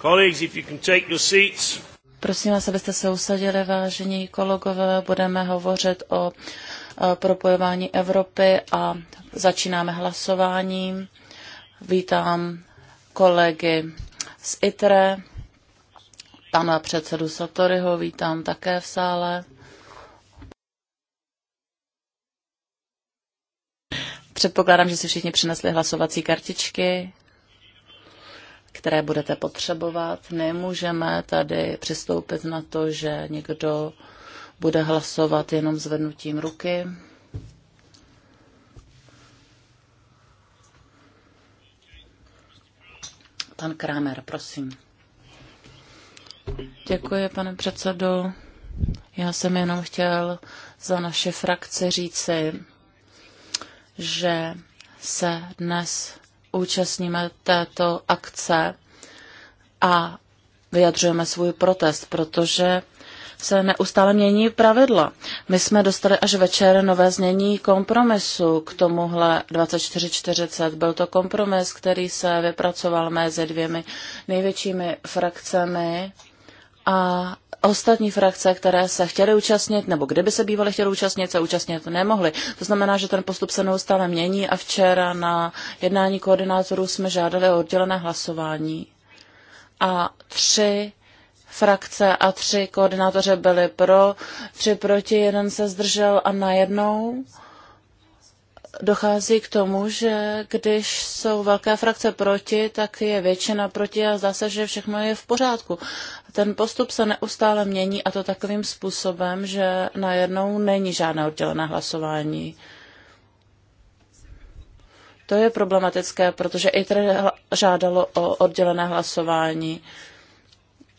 Colleagues, if you can take your seats. Prosím vás, abyste se usadili, vážení kolegové. Budeme hovořit o propojování Evropy a začínáme hlasováním. Vítám kolegy z ITRE, pana předsedu Satoryho, vítám také v sále. Předpokládám, že si všichni přinesli hlasovací kartičky které budete potřebovat. Nemůžeme tady přistoupit na to, že někdo bude hlasovat jenom zvednutím ruky. Pan Kramer, prosím. Děkuji, pane předsedo. Já jsem jenom chtěl za naše frakce říci, že se dnes účastníme této akce a vyjadřujeme svůj protest, protože se neustále mění pravidla. My jsme dostali až večer nové znění kompromisu k tomuhle 2440. Byl to kompromis, který se vypracoval mezi dvěmi největšími frakcemi a ostatní frakce, které se chtěly účastnit, nebo kdyby se bývaly chtěly účastnit, se účastnit nemohly. To znamená, že ten postup se neustále mění a včera na jednání koordinátorů jsme žádali o oddělené hlasování. A tři frakce a tři koordinátoře byly pro, tři proti, jeden se zdržel a najednou uh, dochází k tomu, že když jsou velké frakce proti, tak je většina proti a zdá se, že všechno je v pořádku. Ten postup se neustále mění a to takovým způsobem, že najednou není žádné oddělené hlasování. To je problematické, protože ITR žádalo o oddělené hlasování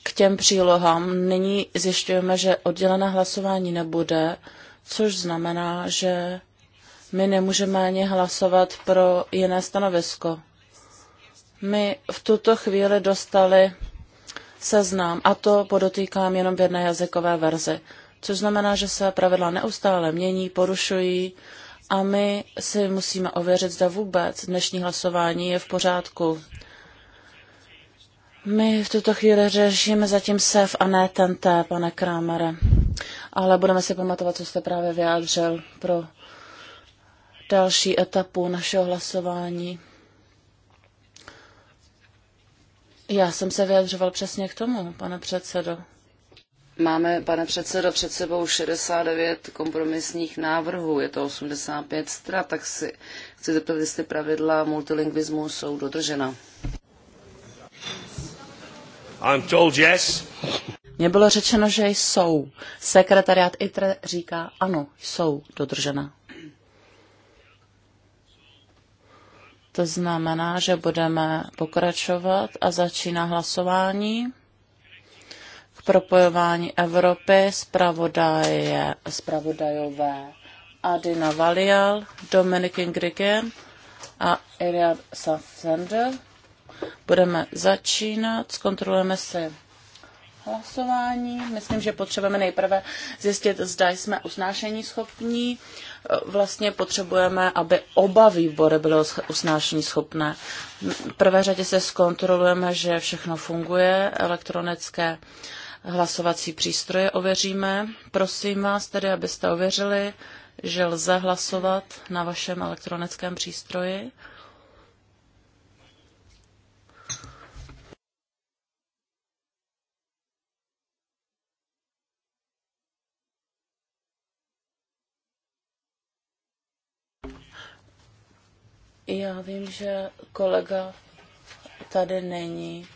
k těm přílohám. Nyní zjišťujeme, že oddělené hlasování nebude, což znamená, že my nemůžeme ani hlasovat pro jiné stanovisko. My v tuto chvíli dostali seznam, a to podotýkám jenom v jedné jazykové verzi, což znamená, že se pravidla neustále mění, porušují a my si musíme ověřit, zda vůbec dnešní hlasování je v pořádku. My v tuto chvíli řešíme zatím SEF a ne té, pane Krámere. Ale budeme si pamatovat, co jste právě vyjádřil pro další etapu našeho hlasování. Já jsem se vyjadřoval přesně k tomu, pane předsedo. Máme, pane předsedo, před sebou 69 kompromisních návrhů, je to 85 stran, tak si chci zeptat, jestli pravidla multilingvismu jsou dodržena. I'm told yes. Mně bylo řečeno, že jsou. Sekretariát ITRE říká ano, jsou dodržena. To znamená, že budeme pokračovat a začíná hlasování k propojování Evropy zpravodaje, zpravodajové Adina Valial, Dominik Ingrigen a Iriad Safender. Budeme začínat, zkontrolujeme si hlasování. Myslím, že potřebujeme nejprve zjistit, zda jsme usnášení schopní. Vlastně potřebujeme, aby oba výbory byly usnášení schopné. V prvé řadě se zkontrolujeme, že všechno funguje, elektronické hlasovací přístroje ověříme. Prosím vás tedy, abyste ověřili, že lze hlasovat na vašem elektronickém přístroji. Já vím, že kolega tady není.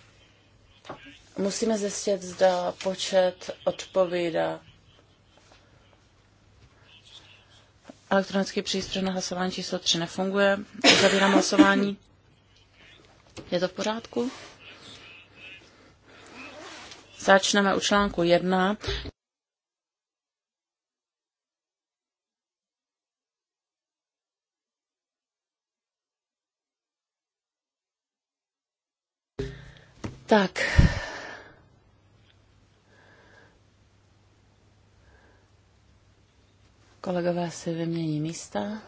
Musíme zjistit, zda počet odpovídá. Elektronický přístroj na hlasování číslo 3 nefunguje. Uzavírám hlasování. Je to v pořádku? Začneme u článku 1. Tak. Kolegové si vymění místa.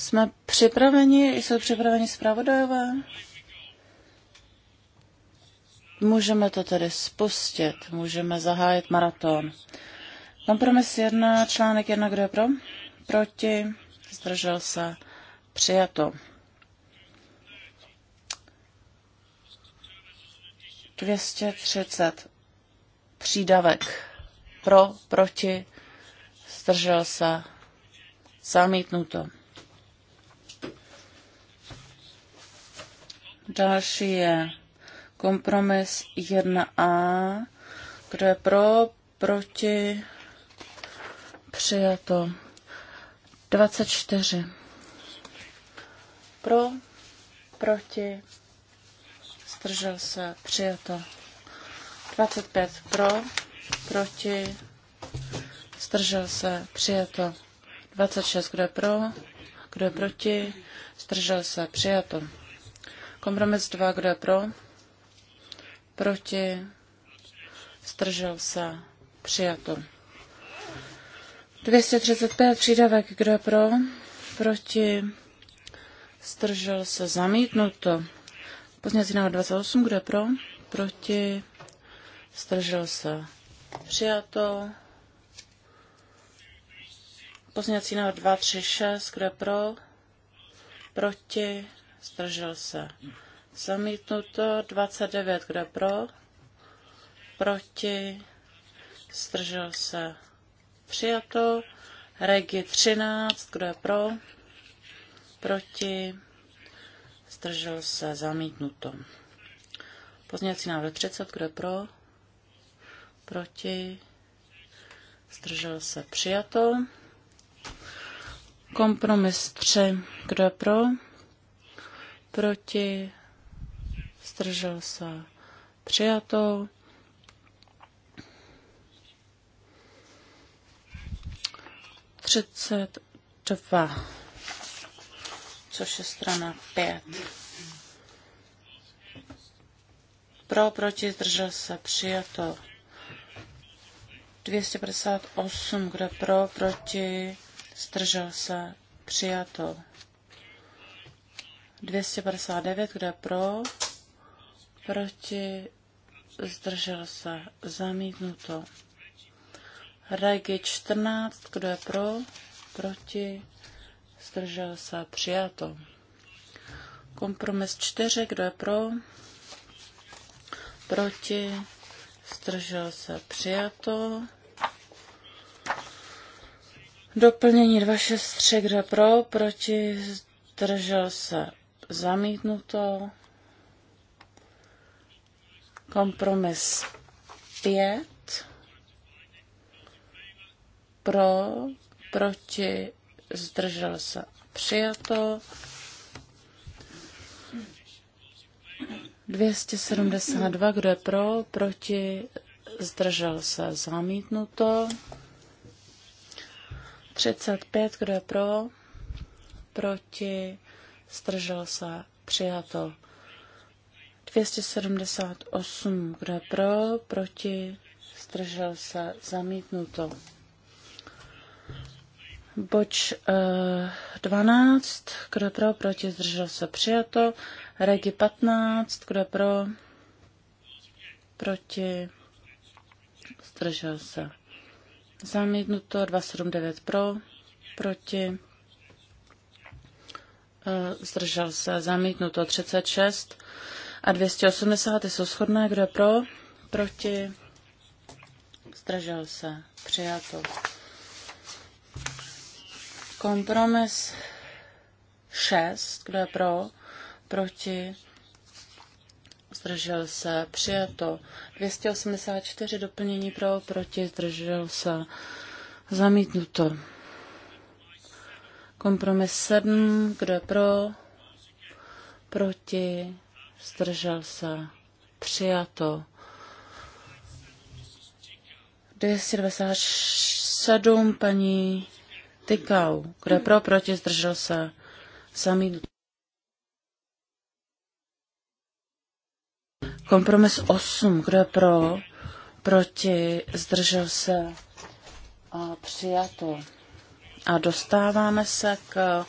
Jsme připraveni, jsou připraveni zpravodajové? Můžeme to tedy spustit, můžeme zahájit maraton. Kompromis jedna, článek jedna, kdo je pro? Proti, zdržel se, přijato. 230 přídavek pro, proti, zdržel se, zamítnuto. Další je kompromis 1a. Kdo je pro, proti, přijato. 24. Pro, proti, zdržel se, přijato. 25 pro, proti, zdržel se, přijato. 26, kdo je pro, kdo je proti, zdržel se, přijato. Kompromis 2, kdo je pro? Proti? Zdržel se? Přijato. 235 přídavek, kdo je pro? Proti? Zdržel se? Zamítnuto. Pozměňovací návrh 28, kdo je pro? Proti? Zdržel se? Přijato. Pozměňovací návrh 236, kdo je pro? Proti? zdržel se. Zamítnuto 29, kdo pro, proti, zdržel se. Přijato, regi 13, kdo je pro, proti, zdržel se, zamítnuto. Pozměňovací návrh 30, kdo je pro, proti, zdržel se, přijato. Kompromis 3, kdo je pro, proti, zdržel se přijato. Třicet dva, což je strana pět. Pro, proti, zdržel se přijato. 258, kde pro, proti, zdržel se přijato. 259, kdo je pro, proti, zdržel se, zamítnuto. Regi 14, kdo je pro, proti, zdržel se, přijato. Kompromis 4, kdo je pro, proti, zdržel se, přijato. Doplnění 263, kdo je pro, proti, zdržel se, zamítnuto. Kompromis 5 pro, proti, zdržel se přijato. 272, kdo je pro, proti, zdržel se zamítnuto. 35, kdo je pro, proti, Zdržel se. Přijato. 278. Kdo je pro? Proti? Zdržel se. Zamítnuto. Boč eh, 12, kdo je pro, proti, zdržel se, přijato. Regi 15, kdo je pro, proti, zdržel se. Zamítnuto 279 pro, proti, Eh, zdržel se, zamítnuto 36 a 280 jsou shodné, kdo je pro, proti, zdržel se, přijato. Kompromis 6, kdo je pro, proti, zdržel se, přijato. 284 doplnění pro, proti, zdržel se, zamítnuto. Kompromis 7, kdo je pro, proti, zdržel se, přijato. 227. paní Tykau, kdo je pro, proti, zdržel se, samý. Kompromis 8, kdo je pro, proti, zdržel se a přijato. A dostáváme se k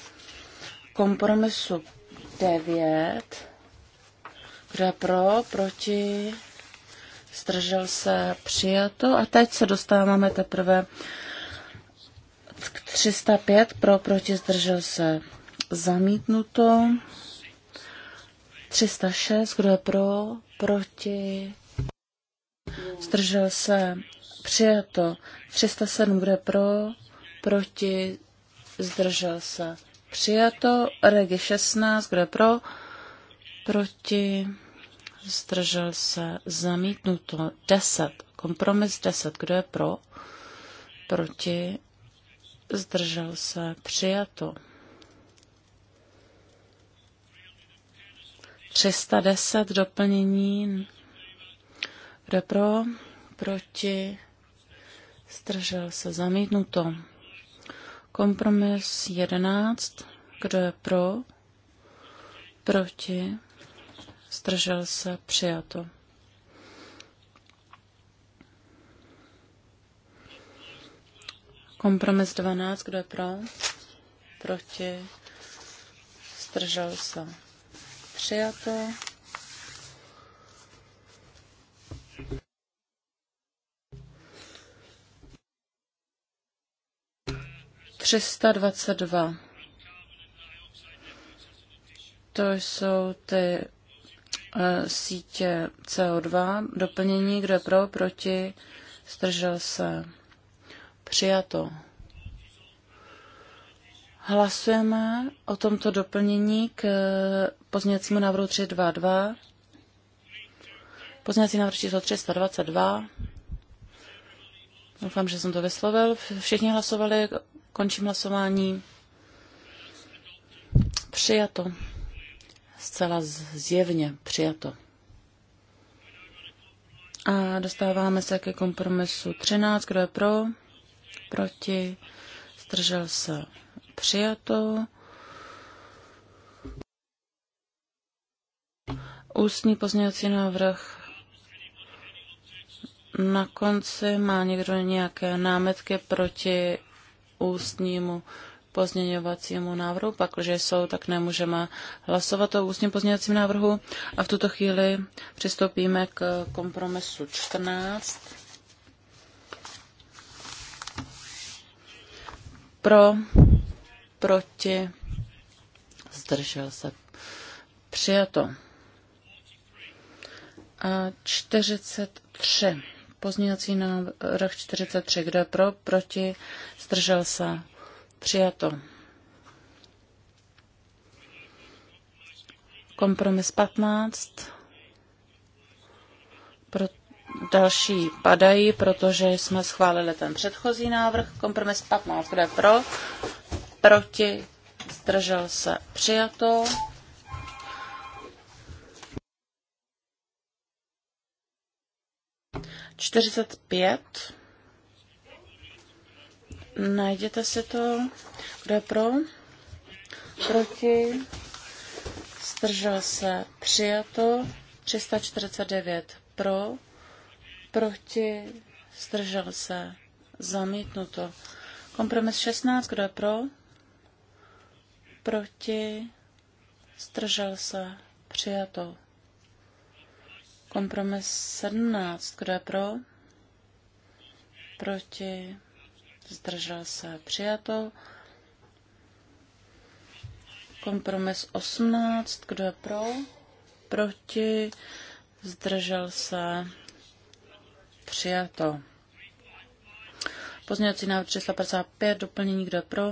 kompromisu 9, kde pro, proti, zdržel se, přijato. A teď se dostáváme teprve k 305, pro, proti, zdržel se, zamítnuto. 306, kdo je pro, proti, zdržel se, přijato. 307, kdo je pro, proti, zdržel se. Přijato, regi 16, kdo je pro, proti, zdržel se, zamítnuto 10, kompromis 10, kdo je pro, proti, zdržel se, přijato. 310 doplnění, kdo je pro, proti, zdržel se, zamítnuto. Kompromis 11. Kdo je pro? Proti? Zdržel se? Přijato. Kompromis 12. Kdo je pro? Proti? Zdržel se? Přijato. 322. To jsou ty uh, sítě CO2. Doplnění, kdo je pro, proti, zdržel se. Přijato. Hlasujeme o tomto doplnění k eh, pozměňovacímu návrhu 322. Pozměňovací návrh číslo 322. Doufám, že jsem to vyslovil. Všichni hlasovali. Končím hlasování. Přijato. Zcela zjevně přijato. A dostáváme se ke kompromisu 13. Kdo je pro? Proti? Zdržel se? Přijato. Ústní pozměňovací návrh na konci. Má někdo nějaké námetky proti ústnímu pozměňovacímu návrhu. Pak, jsou, tak nemůžeme hlasovat o ústním pozměňovacím návrhu. A v tuto chvíli přistoupíme k kompromisu 14. Pro, proti, zdržel se. Přijato. A 43. Pozměňovací návrh 43. Kdo je pro? Proti? Zdržel se? Přijato. Kompromis 15. Pro další padají, protože jsme schválili ten předchozí návrh. Kompromis 15. Kdo je pro? Proti? Zdržel se? Přijato. 45. Najděte si to. Kdo je pro? Proti? Zdržel se. Přijato. 349 pro. Proti? Zdržel se. Zamítnuto. Kompromis 16. Kdo je pro? Proti? Zdržel se. Přijato. Kompromis 17. Kdo je pro? Proti? Zdržel se. Přijato. Kompromis 18. Kdo je pro? Proti? Zdržel se. Přijato. Pozměňovací návrh 355, doplnění kdo pro,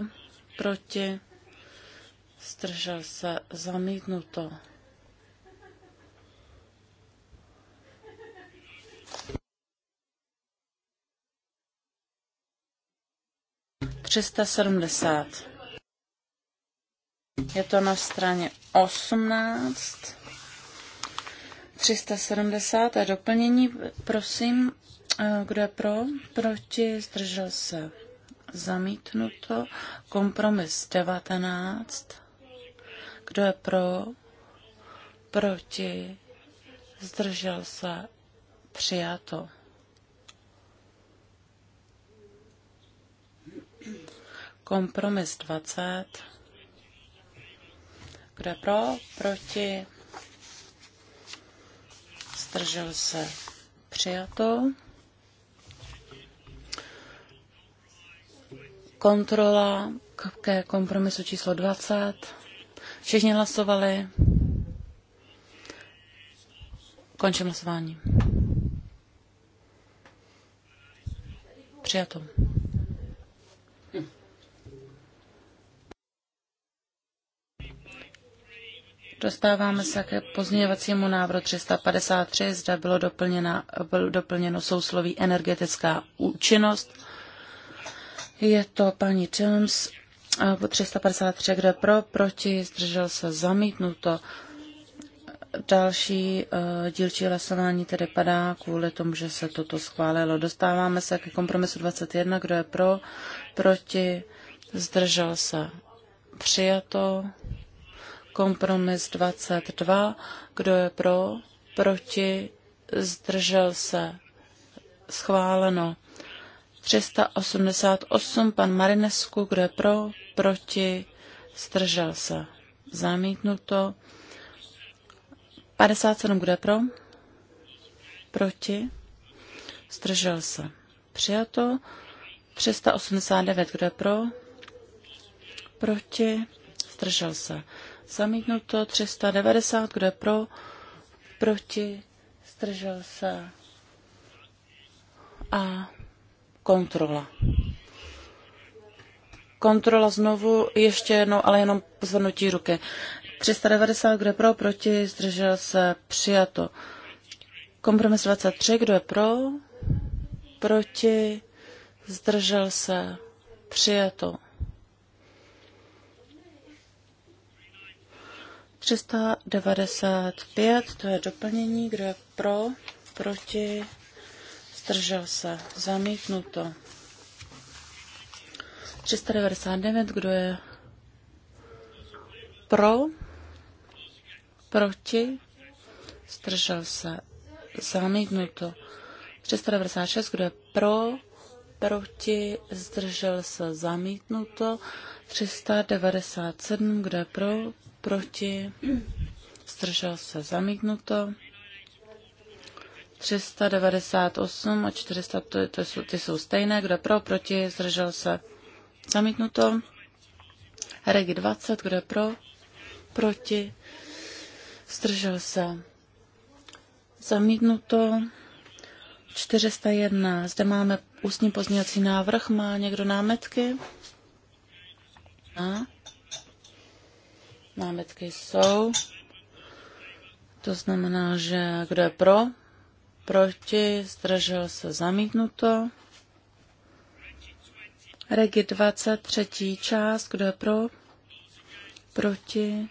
proti, zdržel se, zamítnuto. 370. Je to na straně 18. 370. A doplnění, prosím, eh, kdo je pro? Proti? Zdržel se. Zamítnuto. Kompromis 19. Kdo je pro? Proti? Zdržel se. Přijato. Kompromis 20. Kdo pro, proti, zdržel se přijato. Kontrola ke kompromisu číslo 20. Všichni hlasovali. Končím hlasování. Přijato. Dostáváme se k pozměňovacímu návrhu 353. Zde bylo, doplněna, bylo doplněno sousloví energetická účinnost. Je to paní Tilms po 353, kde pro, proti, zdržel se zamítnuto. Další uh, dílčí hlasování tedy padá kvůli tomu, že se toto schválilo. Dostáváme se ke kompromisu 21, kdo je pro, proti, zdržel se přijato. Kompromis 22. Kdo je pro? Proti? Zdržel se? Schváleno. 388. Pan Marinesku. Kdo je pro? Proti? Zdržel se? Zamítnuto. 57. Kdo je pro? Proti? Zdržel se? Přijato. 389. Kdo je pro? Proti? Zdržel se. Zamítnuto 390, kdo je pro, proti, zdržel se a kontrola. Kontrola znovu, ještě jednou, ale jenom pozvrnutí ruky. 390, kdo je pro, proti, zdržel se, přijato. Kompromis 23, kdo je pro, proti, zdržel se, přijato. 395, to je doplnění, kdo je pro, proti, zdržel se, zamítnuto. 399, kdo je pro, proti, zdržel se, zamítnuto. 396, kdo je pro, proti, zdržel se, zamítnuto. 397, kdo je pro, proti, zdržel se zamítnuto. 398 a 400, to, to jsou, ty jsou stejné, kdo pro, proti, zdržel se zamítnuto. Regi 20, kdo pro, proti, zdržel se zamítnuto. 401. Zde máme ústní pozměňovací návrh. Má někdo námetky? Ne. Námitky jsou. To znamená, že kdo je pro, proti, zdržel se zamítnuto. Regi 23. část, kdo je pro, proti,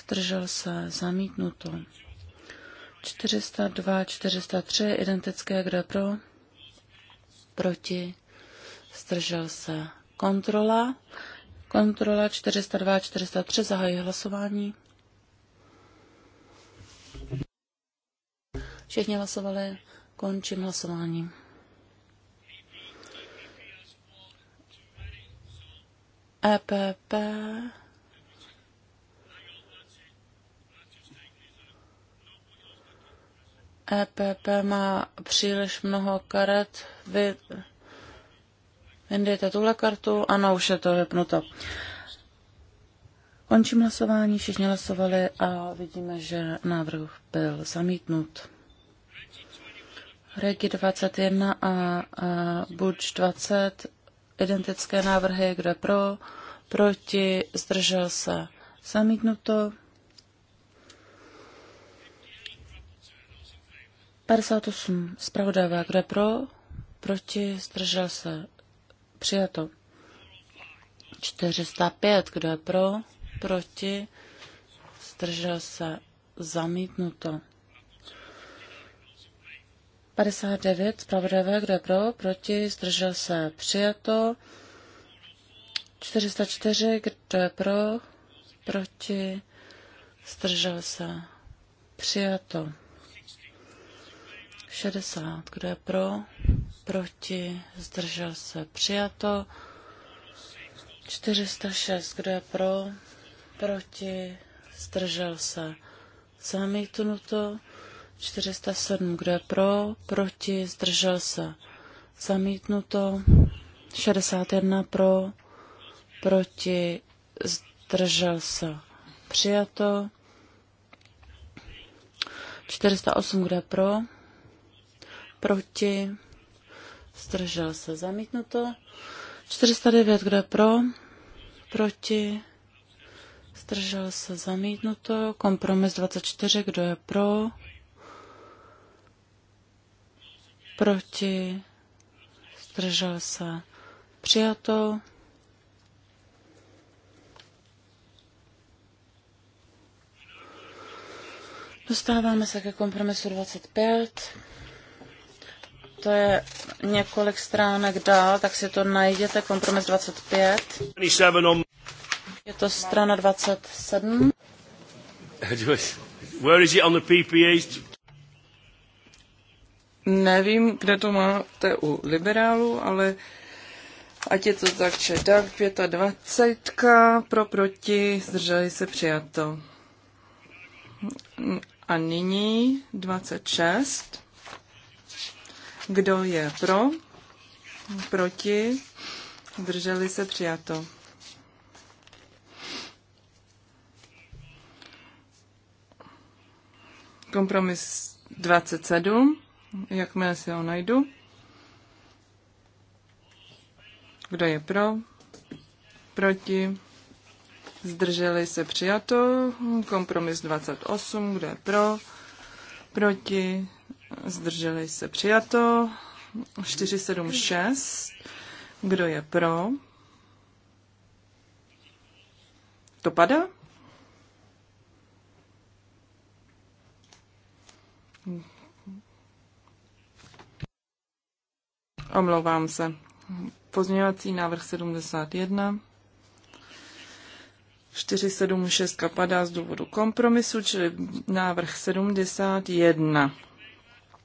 zdržel se zamítnuto. 402, 403, identické, kdo je pro, proti, zdržel se kontrola. Kontrola 402 a 403 zahají hlasování. Všichni hlasovali. Končím hlasování. EPP EPP má příliš mnoho karet. Vy Vyndejte tuhle kartu. Ano, už je to vypnuto. Končím hlasování, všichni hlasovali a vidíme, že návrh byl zamítnut. Regi 21 a, a Buč 20, identické návrhy, kdo je pro, proti, zdržel se, zamítnuto. 58, zpravodajové, je pro, proti, zdržel se, Přijato. 405. Kdo je pro? Proti? Zdržel se. Zamítnuto. 59. Zpravodavé. Kdo je pro? Proti? Zdržel se. Přijato. 404. Kdo je pro? Proti? Zdržel se. Přijato. 60. Kdo je pro? proti, zdržel se, přijato. 406, kdo je pro, proti, zdržel se, zamítnuto. 407, kdo je pro, proti, zdržel se, zamítnuto. 61 pro, proti, zdržel se, přijato. 408, kdo je pro, proti, Zdržel se zamítnuto. 409, kdo je pro? Proti? Zdržel se zamítnuto. Kompromis 24, kdo je pro? Proti? Zdržel se přijato. Dostáváme se ke kompromisu 25 to je několik stránek dál, tak si to najděte, kompromis 25. Je to strana 27. Where is it on the PPAs? Nevím, kde to máte u liberálů, ale ať je to tak, že tak 25 pro proti, zdrželi se přijato. A nyní 26. Kdo je pro? Proti? Drželi se přijato. Kompromis 27, jakmile si ho najdu. Kdo je pro? Proti? Zdrželi se přijato. Kompromis 28, kdo je pro? Proti? zdrželi se přijato, 476, kdo je pro, to padá? Omlouvám se. Pozměňovací návrh 71. 476 padá z důvodu kompromisu, čili návrh 71.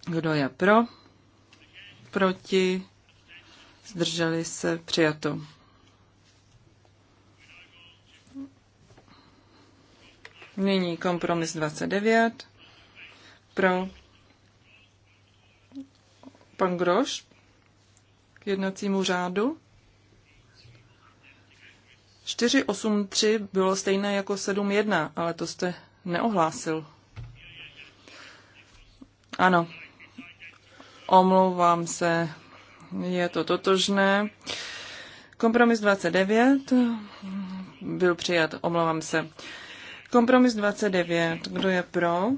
Kdo je pro? Proti? Zdrželi se? Přijato. Nyní kompromis 29. Pro pan Groš k jednacímu řádu. 483 bylo stejné jako 71, ale to jste neohlásil. Ano, Omlouvám se, je to totožné. Kompromis 29 byl přijat, omlouvám se. Kompromis 29, kdo je pro,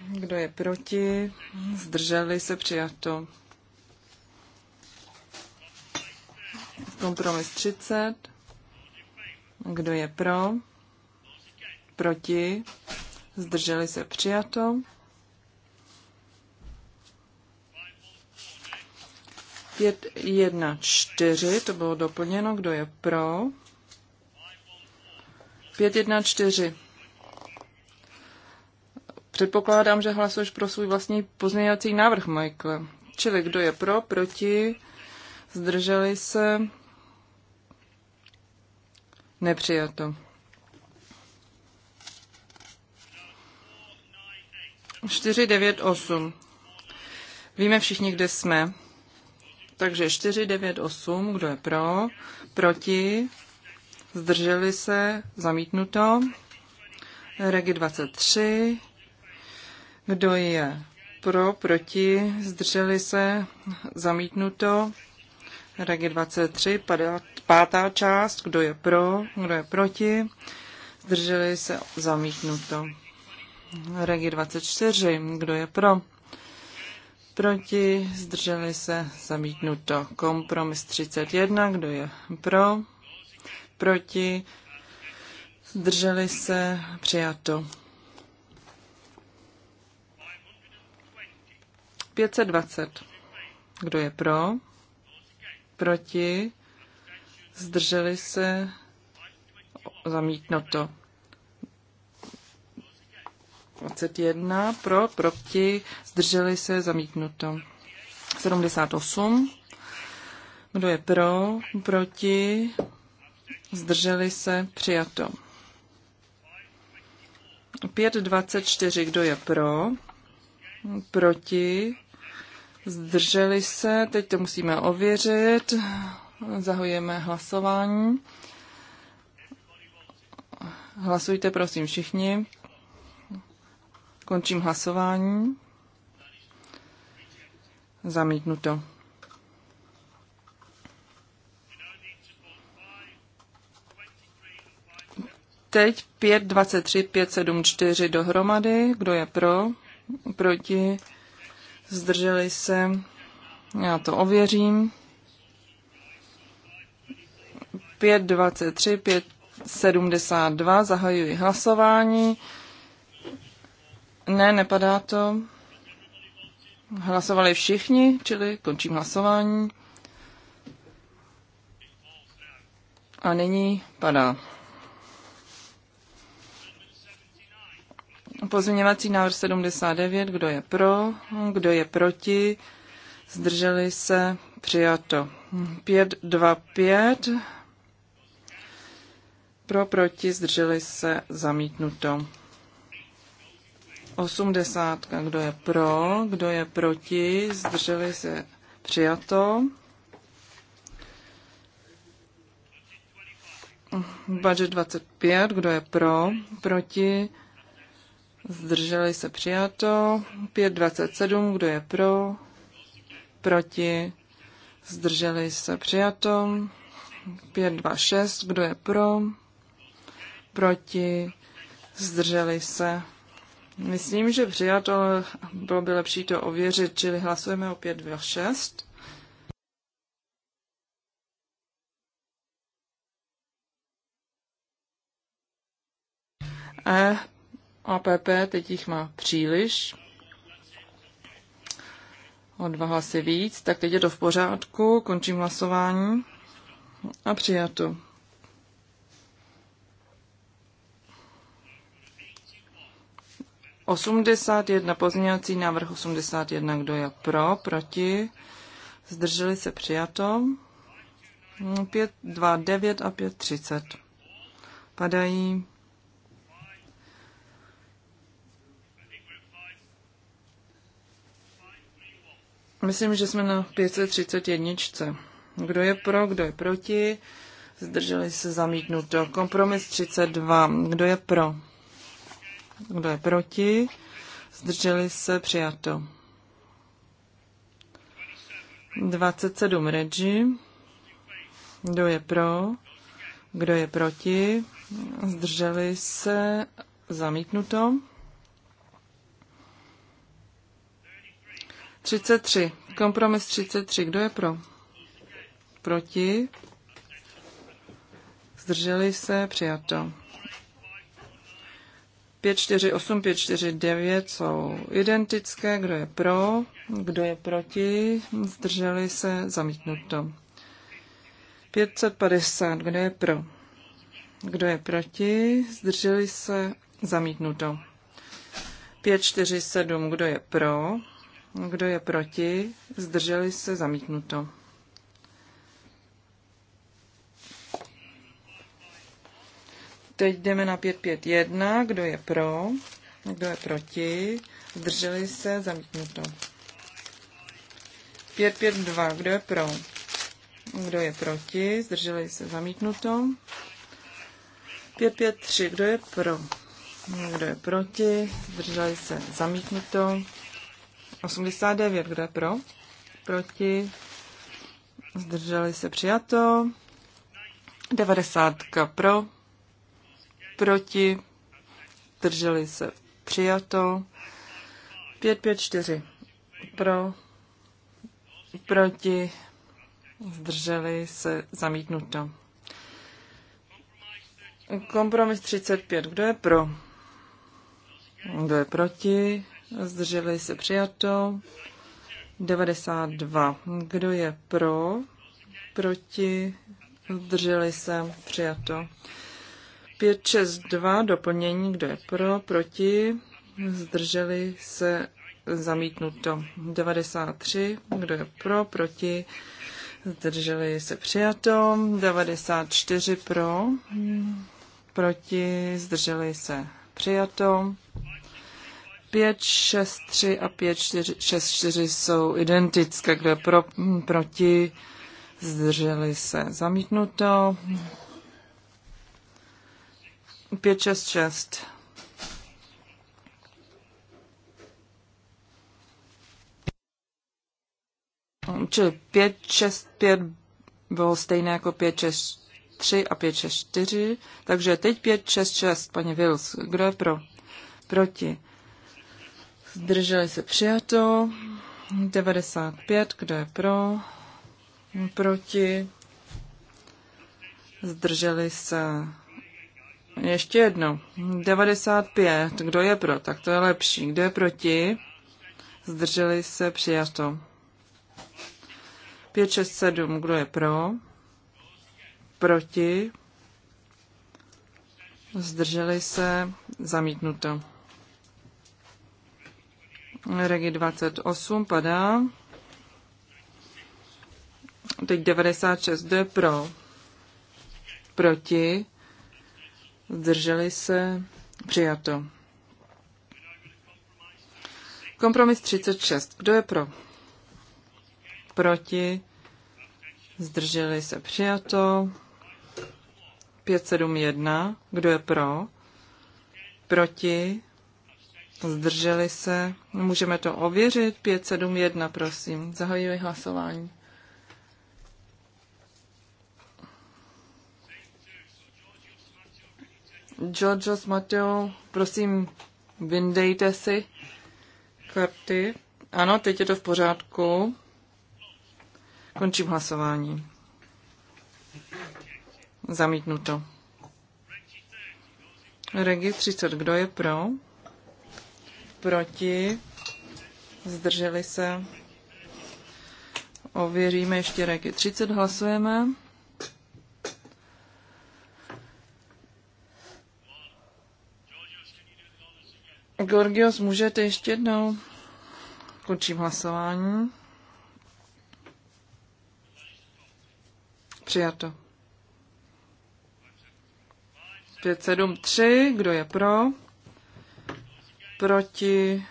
kdo je proti, zdrželi se přijato. Kompromis 30, kdo je pro, proti, zdrželi se přijato. 5, 1, 4, to bylo doplněno, kdo je pro. 5, 1, 4. Předpokládám, že hlasuješ pro svůj vlastní pozměňovací návrh, Michael. Čili kdo je pro, proti, zdrželi se, nepřijato. 498. Víme všichni, kde jsme. Takže 4, 9, 8, kdo je pro, proti, zdrželi se, zamítnuto. Regi 23, kdo je pro, proti, zdrželi se, zamítnuto. Regi 23, pátá část, kdo je pro, kdo je proti, zdrželi se, zamítnuto. Regi 24, kdo je pro, Proti? Zdrželi se? Zamítnuto. Kompromis 31. Kdo je pro? Proti? Zdrželi se? Přijato. 520. Kdo je pro? Proti? Zdrželi se? Zamítnuto. 21 pro, proti, zdrželi se, zamítnuto. 78. Kdo je pro, proti, zdrželi se, přijato. 5.24. Kdo je pro, proti, zdrželi se, teď to musíme ověřit, zahojeme hlasování. Hlasujte prosím všichni. Končím hlasování. Zamítnuto. Teď 523, 574 dohromady. Kdo je pro? Proti? Zdrželi se? Já to ověřím. 523, 572. Zahajuji hlasování. Ne, nepadá to. Hlasovali všichni, čili končím hlasování. A nyní padá. Pozměňovací návrh 79, kdo je pro, kdo je proti, zdrželi se, přijato. 5, 2, 5, pro, proti, zdrželi se, zamítnuto. 80. Kdo je pro? Kdo je proti? Zdrželi se přijato. Budget 25. Kdo je pro? Proti? Zdrželi se přijato. 527. Kdo je pro? Proti? Zdrželi se přijato. 526. Kdo je pro? Proti? Zdrželi se Myslím, že přijato, bylo by lepší to ověřit, čili hlasujeme opět o 526. E, APP, teď jich má příliš. O dva hlasy víc, tak teď je to v pořádku, končím hlasování a přijato. 81, pozměňovací návrh 81, kdo je pro, proti, zdrželi se přijato, 5, 2, 9 a 5, 30. Padají. Myslím, že jsme na 531. Kdo je pro, kdo je proti? Zdrželi se zamítnuto. Kompromis 32. Kdo je pro? Kdo je proti? Zdrželi se přijato. 27 Regi. Kdo je pro? Kdo je proti? Zdrželi se zamítnuto. 33. Kompromis 33. Kdo je pro? Proti? Zdrželi se přijato. 548, 549 jsou identické. Kdo je pro? Kdo je proti? Zdrželi se? Zamítnuto. 550. Kdo je pro? Kdo je proti? Zdrželi se? Zamítnuto. 547. Kdo je pro? Kdo je proti? Zdrželi se? Zamítnuto. Teď jdeme na 551. Kdo je pro? Kdo je proti? Zdrželi se? Zamítnuto. 552. Kdo je pro? Kdo je proti? Zdrželi se? Zamítnuto. 553. Kdo je pro? Kdo je proti? Zdrželi se? Zamítnuto. 89. Kdo je pro? Proti? Zdrželi se? Přijato. 90 pro, proti, drželi se přijato. 5-5-4 pro, proti, zdrželi se zamítnuto. Kompromis 35. Kdo je pro? Kdo je proti? Zdrželi se přijato. 92. Kdo je pro? Proti? Zdrželi se přijato. 562 doplnění, kdo je pro, proti, zdrželi se zamítnuto. 93, kdo je pro, proti, zdrželi se přijato. 94 pro, proti, zdrželi se přijato. 5, 6, 3 a 5, 4, 6, 4 jsou identické, kdo je pro, proti, zdrželi se zamítnuto. 566. Čili 5, 6, 5 bylo stejné jako 5, 6, 3 a 5, 6, 4. Takže teď 5, 6, 6, paní Wills. Kdo je pro? Proti. Zdrželi se přijato. 95, kdo je pro? Proti. Zdrželi se ještě jedno. 95. Kdo je pro? Tak to je lepší. Kdo je proti? Zdrželi se přijato. 5, 6, 7. Kdo je pro? Proti? Zdrželi se zamítnuto. Regi 28 padá. Teď 96. Kdo je pro? Proti? zdrželi se, přijato. Kompromis 36. Kdo je pro? Proti, zdrželi se, přijato. 571. Kdo je pro? Proti, zdrželi se. Můžeme to ověřit. 571, prosím. Zahajuji hlasování. Georgios Mateo, prosím, vyndejte si karty. Ano, teď je to v pořádku. Končím hlasování. Zamítnuto. Regi 30. Kdo je pro? Proti? Zdrželi se? Ověříme ještě Regi 30. Hlasujeme. Georgios, můžete ještě jednou? Končím hlasování. Přijato. 573, kdo je pro? Proti?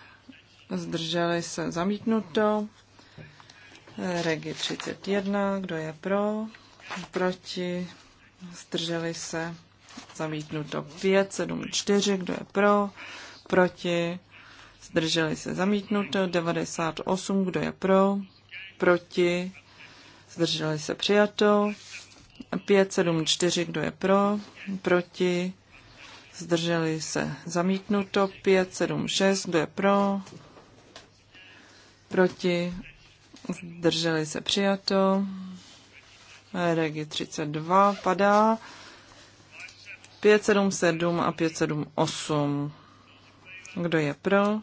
Zdrželi se zamítnuto. Regi 31, kdo je pro? Proti? Zdrželi se zamítnuto. 574, kdo je pro? proti, zdrželi se zamítnuto, 98, kdo je pro, proti, zdrželi se přijato, 574, kdo je pro, proti, zdrželi se zamítnuto, 576, kdo je pro, proti, zdrželi se přijato, regi 32 padá, 577 a 578. Kdo je pro?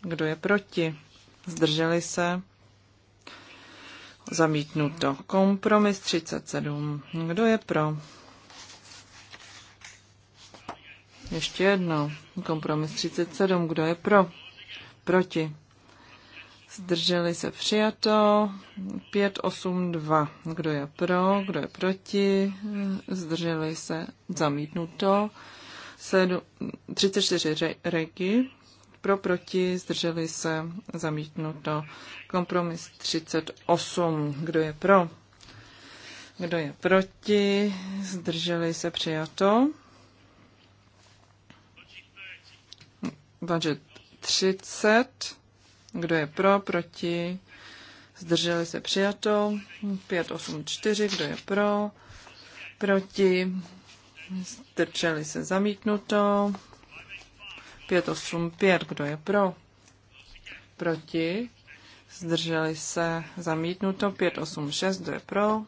Kdo je proti? Zdrželi se? Zamítnuto. Kompromis 37. Kdo je pro? Ještě jedno. Kompromis 37. Kdo je pro? Proti. Zdrželi se přijato. 582. Kdo je pro? Kdo je proti? Zdrželi se zamítnuto. 34 regi, pro, proti, zdrželi se, zamítnuto. Kompromis 38, kdo je pro? Kdo je proti? Zdrželi se přijato. Budget 30. Kdo je pro? Proti? Zdrželi se přijato. 584. Kdo je pro? Proti? Zdrželi se zamítnuto. 585, kdo je pro? Proti. Zdrželi se zamítnuto. 586, kdo je pro?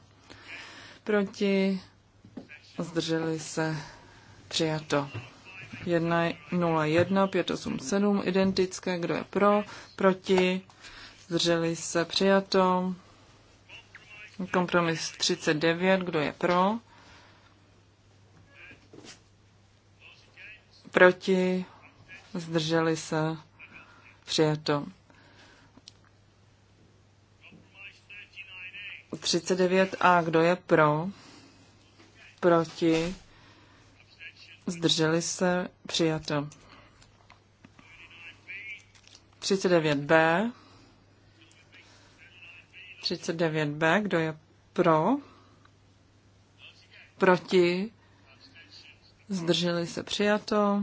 Proti. Zdrželi se přijato. 101 587 identické, kdo je pro, proti, zdrželi se přijato. Kompromis 39, kdo je pro, proti, zdrželi se, přijato. 39a, kdo je pro, proti, zdrželi se, přijato. 39b, 39b, kdo je pro, proti, zdrželi se přijato.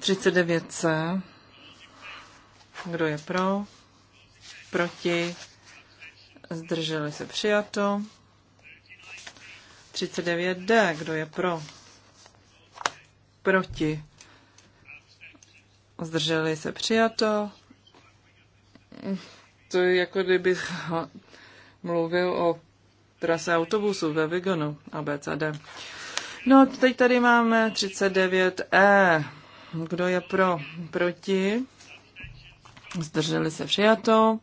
39C. Kdo je pro? Proti? Zdrželi se přijato. 39D. Kdo je pro? Proti? Zdrželi se přijato. To je jako kdybych mluvil o trase autobusu ve Vigonu ABCD. No, teď tady máme 39E. Kdo je pro? Proti? Zdrželi se přijato.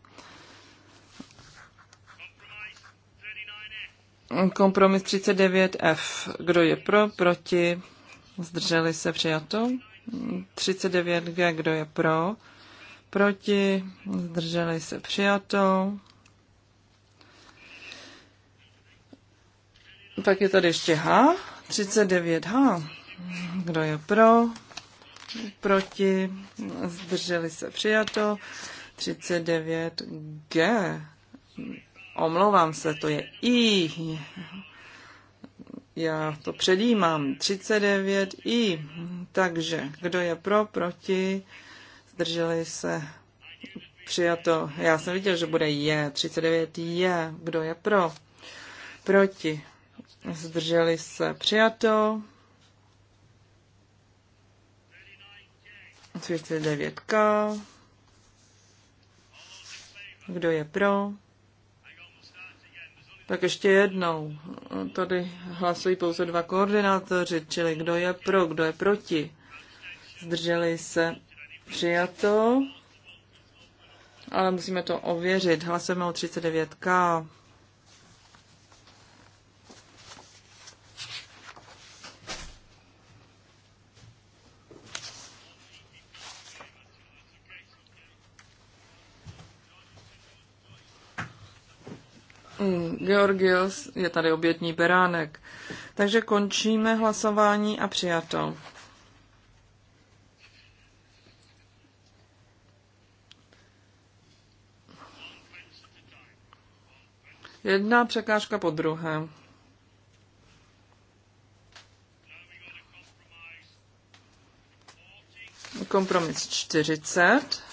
Kompromis 39F. Kdo je pro? Proti? Zdrželi se přijato. 39G. Kdo je pro? Proti? Zdrželi se přijato. Pak no je tady ještě H. 39H. Kdo je pro? Proti? Zdrželi se přijato. 39G. Omlouvám se, to je I. Já to předjímám. 39I. Takže, kdo je pro, proti? Zdrželi se přijato. Já jsem viděl, že bude je. 39 je. Kdo je pro? Proti zdrželi se přijato. 39K. Kdo je pro? Tak ještě jednou. Tady hlasují pouze dva koordinátoři, čili kdo je pro, kdo je proti. Zdrželi se přijato, ale musíme to ověřit. Hlasujeme o 39K. Georgios, je tady obětní beránek. Takže končíme hlasování a přijato. Jedna překážka po druhé. Kompromis 40.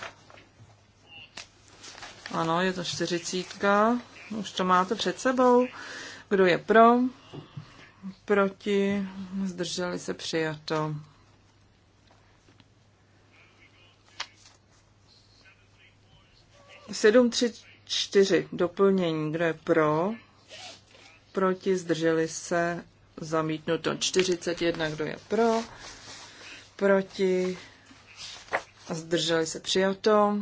Ano, je to čtyřicítka. Už to máte před sebou. Kdo je pro? Proti? Zdrželi se přijato. Sedm, tři, čtyři. Doplnění. Kdo je pro? Proti? Zdrželi se zamítnuto. 41. Kdo je pro? Proti? Zdrželi se přijato.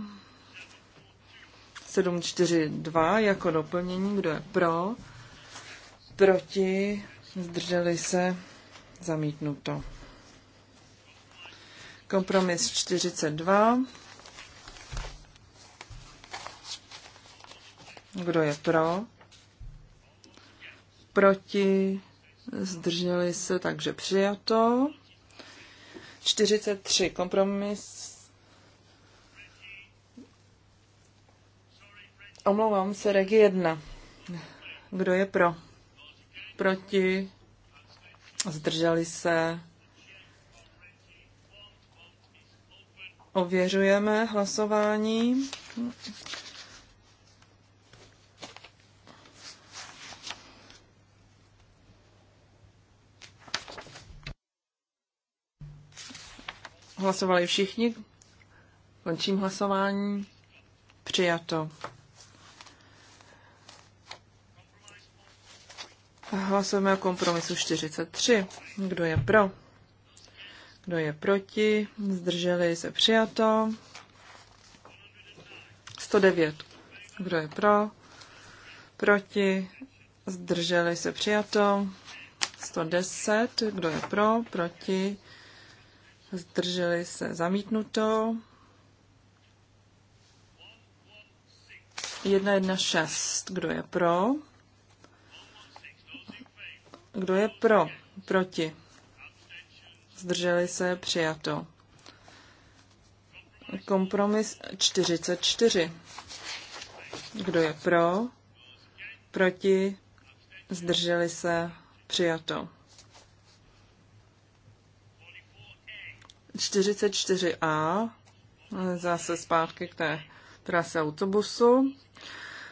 742 jako doplnění, kdo je pro, proti, zdrželi se, zamítnuto. Kompromis 42. Kdo je pro? Proti? Zdrželi se, takže přijato. 43. Kompromis Omlouvám se, regi 1. Kdo je pro? Proti? Zdrželi se? Ověřujeme hlasování. Hlasovali všichni. Končím hlasování. Přijato. Hlasujeme o kompromisu 43. Kdo je pro? Kdo je proti? Zdrželi se přijato. 109. Kdo je pro? Proti? Zdrželi se přijato. 110. Kdo je pro? Proti? Zdrželi se zamítnuto. 116. Kdo je pro? Kdo je pro? Proti. Zdrželi se přijato. Kompromis 44. Kdo je pro? Proti? Zdrželi se? Přijato. 44a. Zase zpátky k té trase autobusu.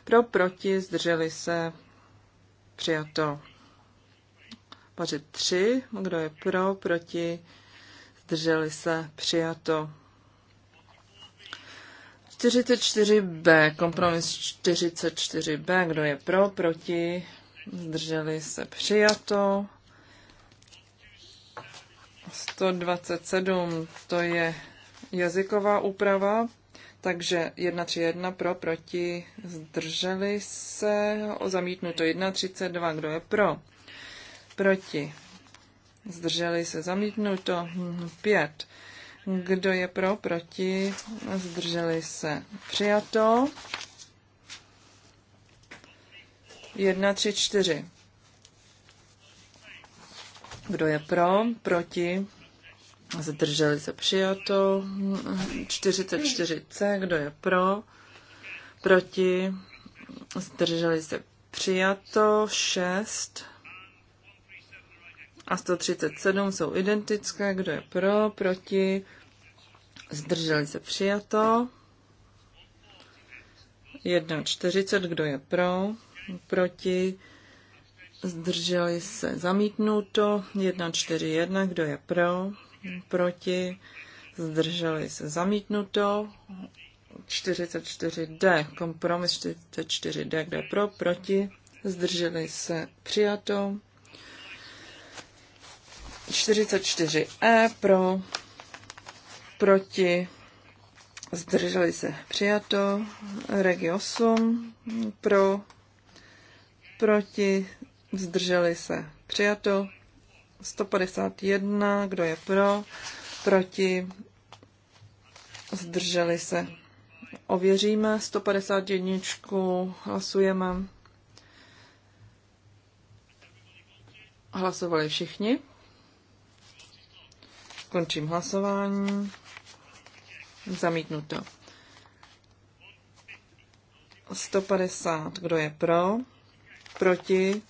Pro, proti, zdrželi se, přijato paře 3, kdo je pro, proti, zdrželi se, přijato. 44b, kompromis 44b, kdo je pro, proti, zdrželi se, přijato. 127, to je jazyková úprava, takže 131 pro, proti, zdrželi se, o zamítnuto 132, kdo je pro, proti, zdrželi se zamítnuto, pět, kdo je pro, proti, zdrželi se přijato, jedna, tři, čtyři. Kdo je pro, proti, zdrželi se přijato, 44C, kdo je pro, proti, zdrželi se přijato, 6, a 137 jsou identické. Kdo je pro, proti? Zdrželi se přijato. 1,40. Kdo je pro, proti? Zdrželi se zamítnuto. 1,41. Kdo je pro, proti? Zdrželi se zamítnuto. 44D, kompromis 44D, kde je pro, proti, zdrželi se přijato. 44E pro, proti, zdrželi se přijato, regi 8 pro, proti, zdrželi se přijato, 151, kdo je pro, proti, zdrželi se. Ověříme 151, hlasujeme. Hlasovali všichni. Končím hlasování. Zamítnuto. 150. Kdo je pro? Proti?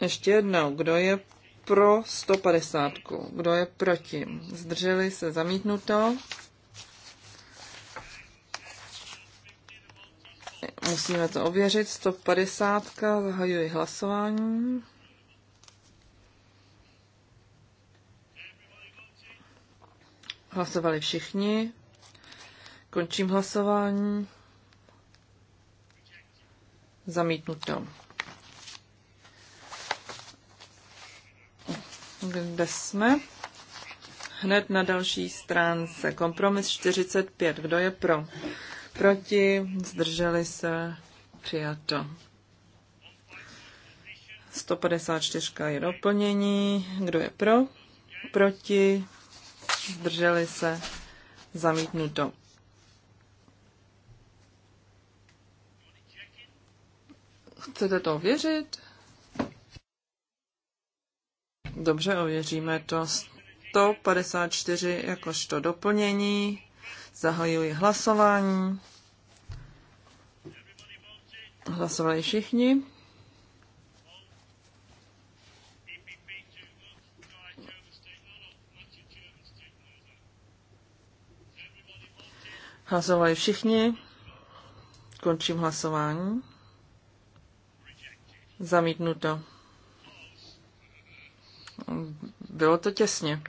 Ještě jednou. Kdo je pro 150? Kdo je proti? Zdrželi se zamítnuto. Musíme to ověřit. 150. Zahajuji hlasování. Hlasovali všichni. Končím hlasování. Zamítnuto. Kde jsme? Hned na další stránce. Kompromis 45. Kdo je pro? Proti? Zdrželi se? Přijato. 154 je doplnění. Kdo je pro? Proti? zdrželi se, zamítnuto. Chcete to ověřit? Dobře, ověříme to. 154 jakožto doplnění. Zahajuji hlasování. Hlasovali všichni. Hlasovali všichni. Končím hlasování. Zamítnuto. Bylo to těsně.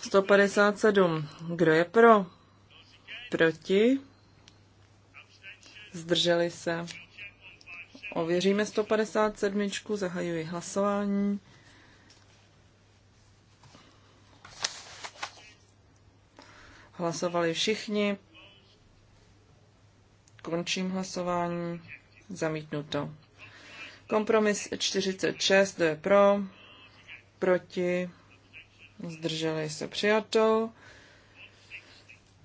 157. Kdo je pro? Proti? Zdrželi se. Ověříme 157. Zahajuji hlasování. Hlasovali všichni. Končím hlasování. Zamítnuto. Kompromis 46, to je pro, proti, zdrželi se přijato.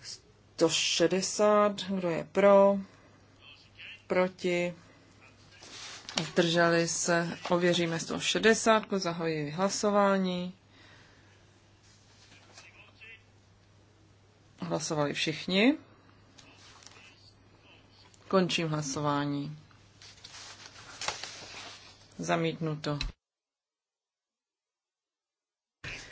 160, kdo je pro, proti, zdrželi se, ověříme 160, zahojí hlasování. Hlasovali všichni. Končím hlasování. Zamítnuto.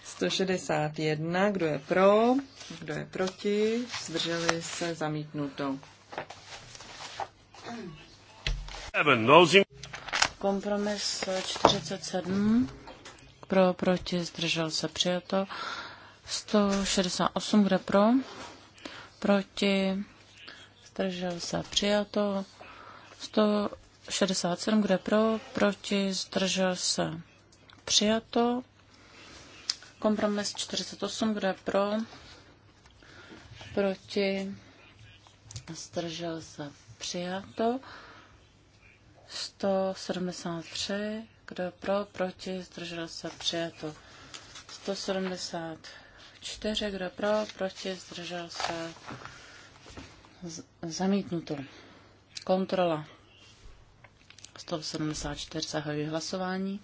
161, kdo je pro, kdo je proti, zdrželi se zamítnuto. Kompromis 47, pro, proti, zdržel se přijato. 168, kde pro, proti, zdržel se přijato, 167, kde pro, proti, zdržel se přijato, kompromis 48, kde pro, proti, zdržel se přijato, 173, kdo pro, proti, zdržel se přijato, 170 4, kdo pro, proti, zdržel se, zamítnuto. Kontrola. 174 zahajuji hlasování.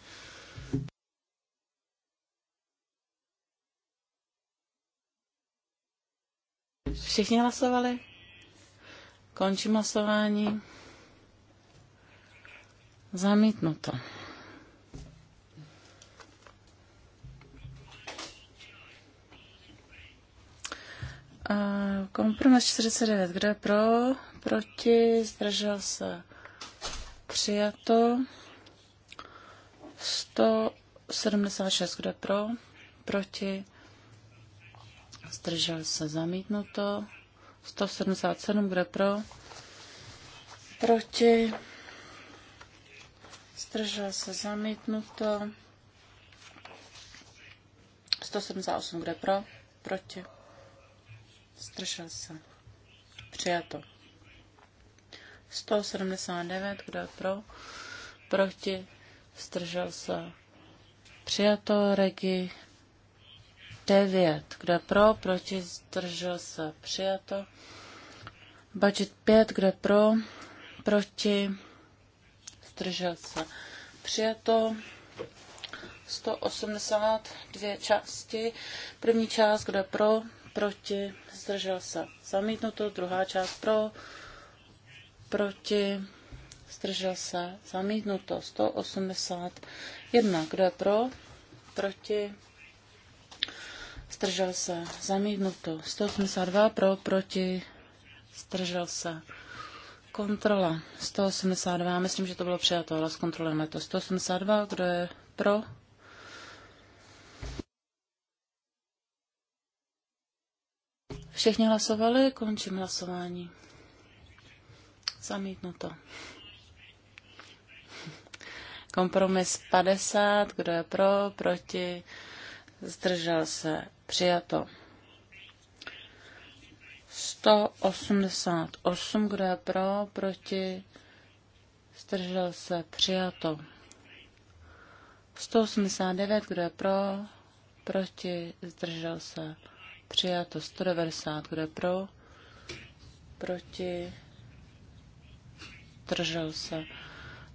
Všichni hlasovali? Končím hlasování. Zamítnuto. Kompromis 49. Kdo je pro? Proti? Zdržel se? Přijato. 176. Kdo je pro? Proti? Zdržel se? Zamítnuto. 177. Kdo je pro? Proti? Zdržel se? Zamítnuto. 178. Kdo je pro? Proti? Zdržel se. Přijato. 179, kdo je pro? Proti? Zdržel se. Přijato. Regi 9, kdo je pro? Proti? Zdržel se. Přijato. Budget 5, kdo je pro? Proti? Zdržel se. Přijato. 180, dvě části. První část, kdo je pro, proti, zdržel se. Zamítnuto, druhá část pro, proti, zdržel se. Zamítnuto, 181. Kdo je pro, proti, zdržel se. Zamítnuto, 182 pro, proti, zdržel se. Kontrola 182, myslím, že to bylo přijato, ale zkontrolujeme to. 182, kdo je pro, Všichni hlasovali, končím hlasování. Zamítnuto. Kompromis 50, kdo je pro, proti, zdržel se, přijato. 188, kdo je pro, proti, zdržel se, přijato. 189, kdo je pro, proti, zdržel se, přijato. Přijato 190, kdo je pro? Proti? Držel se.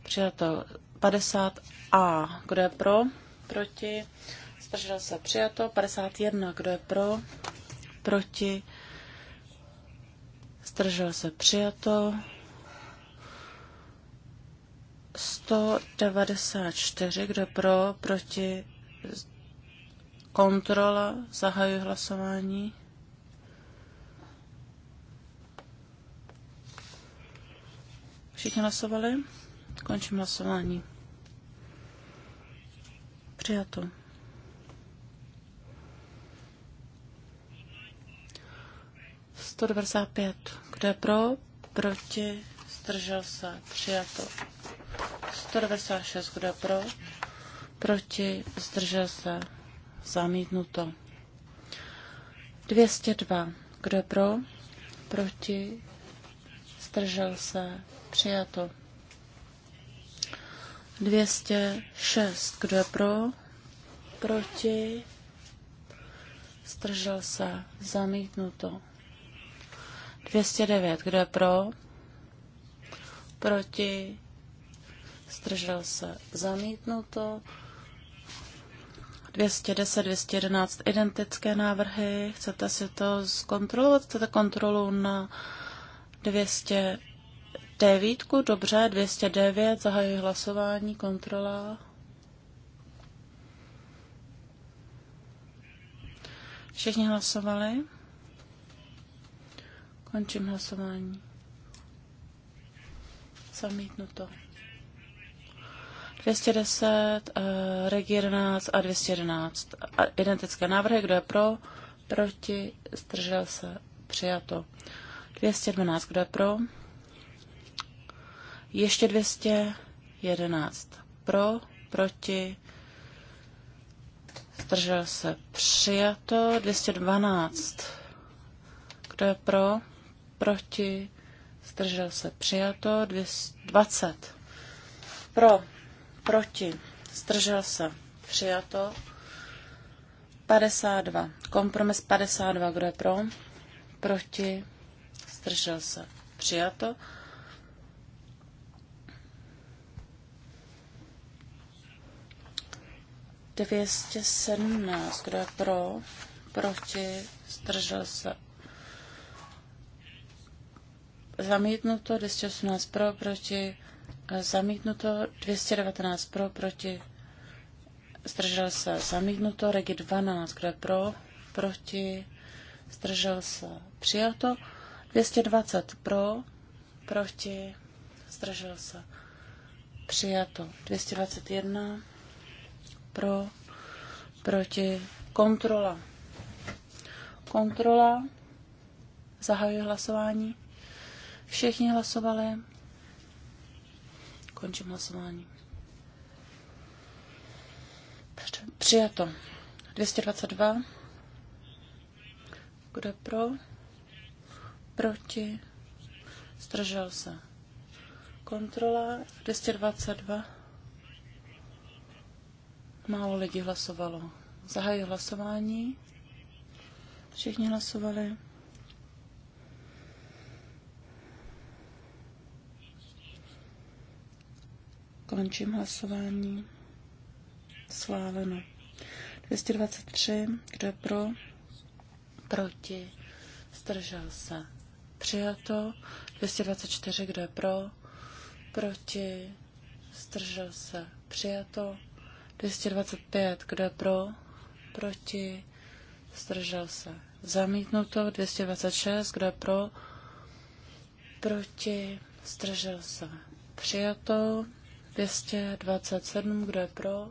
Přijato 50A, kdo je pro? Proti? Zdržel se. Přijato 51, kdo je pro? Proti? Zdržel se. Přijato 194, kdo je pro? Proti? Kontrola, zahajuji hlasování. Všichni hlasovali? Končím hlasování. Přijato. pět. Kdo je pro? Proti? Zdržel se. Přijato. 196. Kdo je pro? Proti? Zdržel se zamítnuto. 202. Kdo je pro? Proti? Zdržel se? Přijato. 206. Kdo je pro? Proti? Zdržel se? Zamítnuto. 209. Kdo je pro? Proti? Zdržel se? Zamítnuto. 210, 211 identické návrhy. Chcete si to zkontrolovat? Chcete kontrolu na 209? Dobře, 209, zahajuji hlasování, kontrola. Všichni hlasovali? Končím hlasování. Zamítnuto. to. 210, uh, reg 11 a 211. A Identické návrhy, kdo je pro, proti, zdržel se, přijato. 212, kdo je pro, ještě 211, pro, proti, zdržel se, přijato. 212, kdo je pro, proti, zdržel se, přijato. 220, pro, proti, zdržel se, přijato. 52, kompromis 52, kdo je pro, proti, zdržel se, přijato. Dvěstě sedmnáct, kdo je pro, proti, zdržel se, zamítnuto, 218 pro, proti, zamítnuto, 219 pro, proti, zdržel se, zamítnuto, regi 12, kdo je pro, proti, zdržel se, přijato, 220 pro, proti, zdržel se, přijato, 221 pro, proti, kontrola. Kontrola, zahajuji hlasování. Všichni hlasovali. Končím hlasování. Přijato. 222. Kdo pro? Proti? Zdržel se. Kontrola 222. Málo lidí hlasovalo. Zahajuji hlasování. Všichni hlasovali. Končím hlasování. Sváleno. 223. Kdo je pro? Proti. Zdržel se. Přijato. 224. Kdo je pro? Proti. Zdržel se. Přijato. 225. Kdo je pro? Proti. Zdržel se. Zamítnuto. 226. Kdo je pro? Proti. Zdržel se. Přijato. 227, kdo je pro,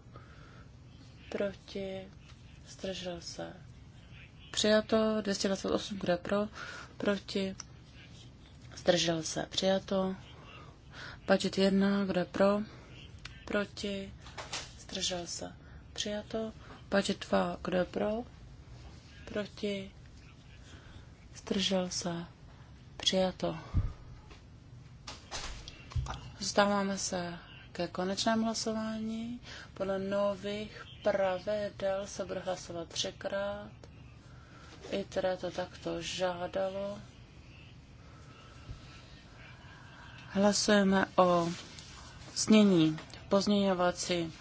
proti, zdržel se. Přijato, 228, kdo je pro, proti, zdržel se. Přijato, budget 1, kdo je pro, proti, zdržel se. Přijato, budget 2, kdo je pro, proti, zdržel se. Přijato. Zdáváme se ke konečnému hlasování. Podle nových pravidel se bude hlasovat třikrát. I které to takto žádalo. Hlasujeme o znění pozměňovací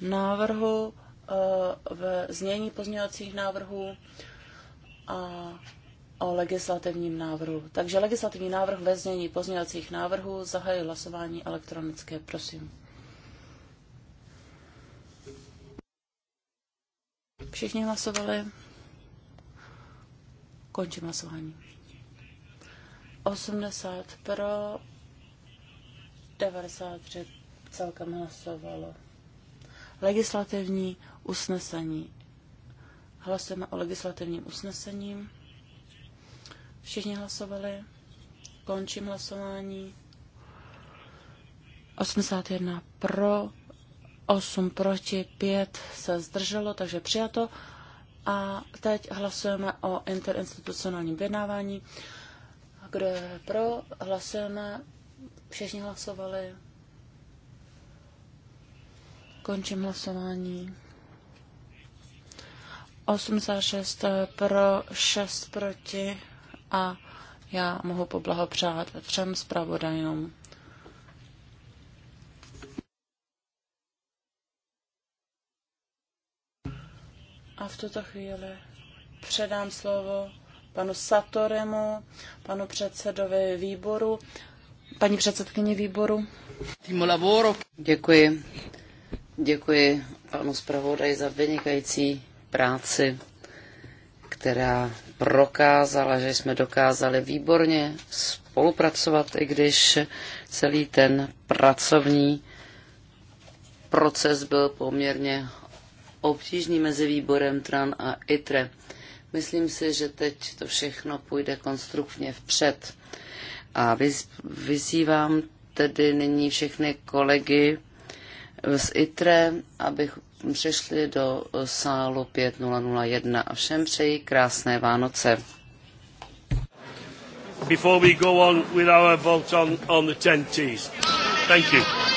návrhu, e, ve znění pozměňovacích návrhů a o legislativním návrhu. Takže legislativní návrh ve znění pozměňovacích návrhů zahají hlasování elektronické, prosím. Všichni hlasovali. Končím hlasování. 80 pro, 93 celkem hlasovalo. Legislativní usnesení. Hlasujeme o legislativním usnesením. Všichni hlasovali. Končím hlasování. 81 pro, 8 proti, 5 se zdrželo, takže přijato. A teď hlasujeme o interinstitucionálním vyjednávání. Kdo je pro, hlasujeme. Všichni hlasovali. Končím hlasování. 86 pro, 6 proti a já mohu poblahopřát třem zpravodajům. A v tuto chvíli předám slovo panu Satoremu, panu předsedovi výboru, paní předsedkyni výboru. Děkuji. Děkuji panu zpravodaji za vynikající práci která prokázala, že jsme dokázali výborně spolupracovat, i když celý ten pracovní proces byl poměrně obtížný mezi výborem TRAN a ITRE. Myslím si, že teď to všechno půjde konstruktně vpřed. A vyzývám tedy nyní všechny kolegy z ITRE, abych přišli do sálu 5001 a všem přeji krásné Vánoce. Before we go on with our vote on, on the 10 Thank you.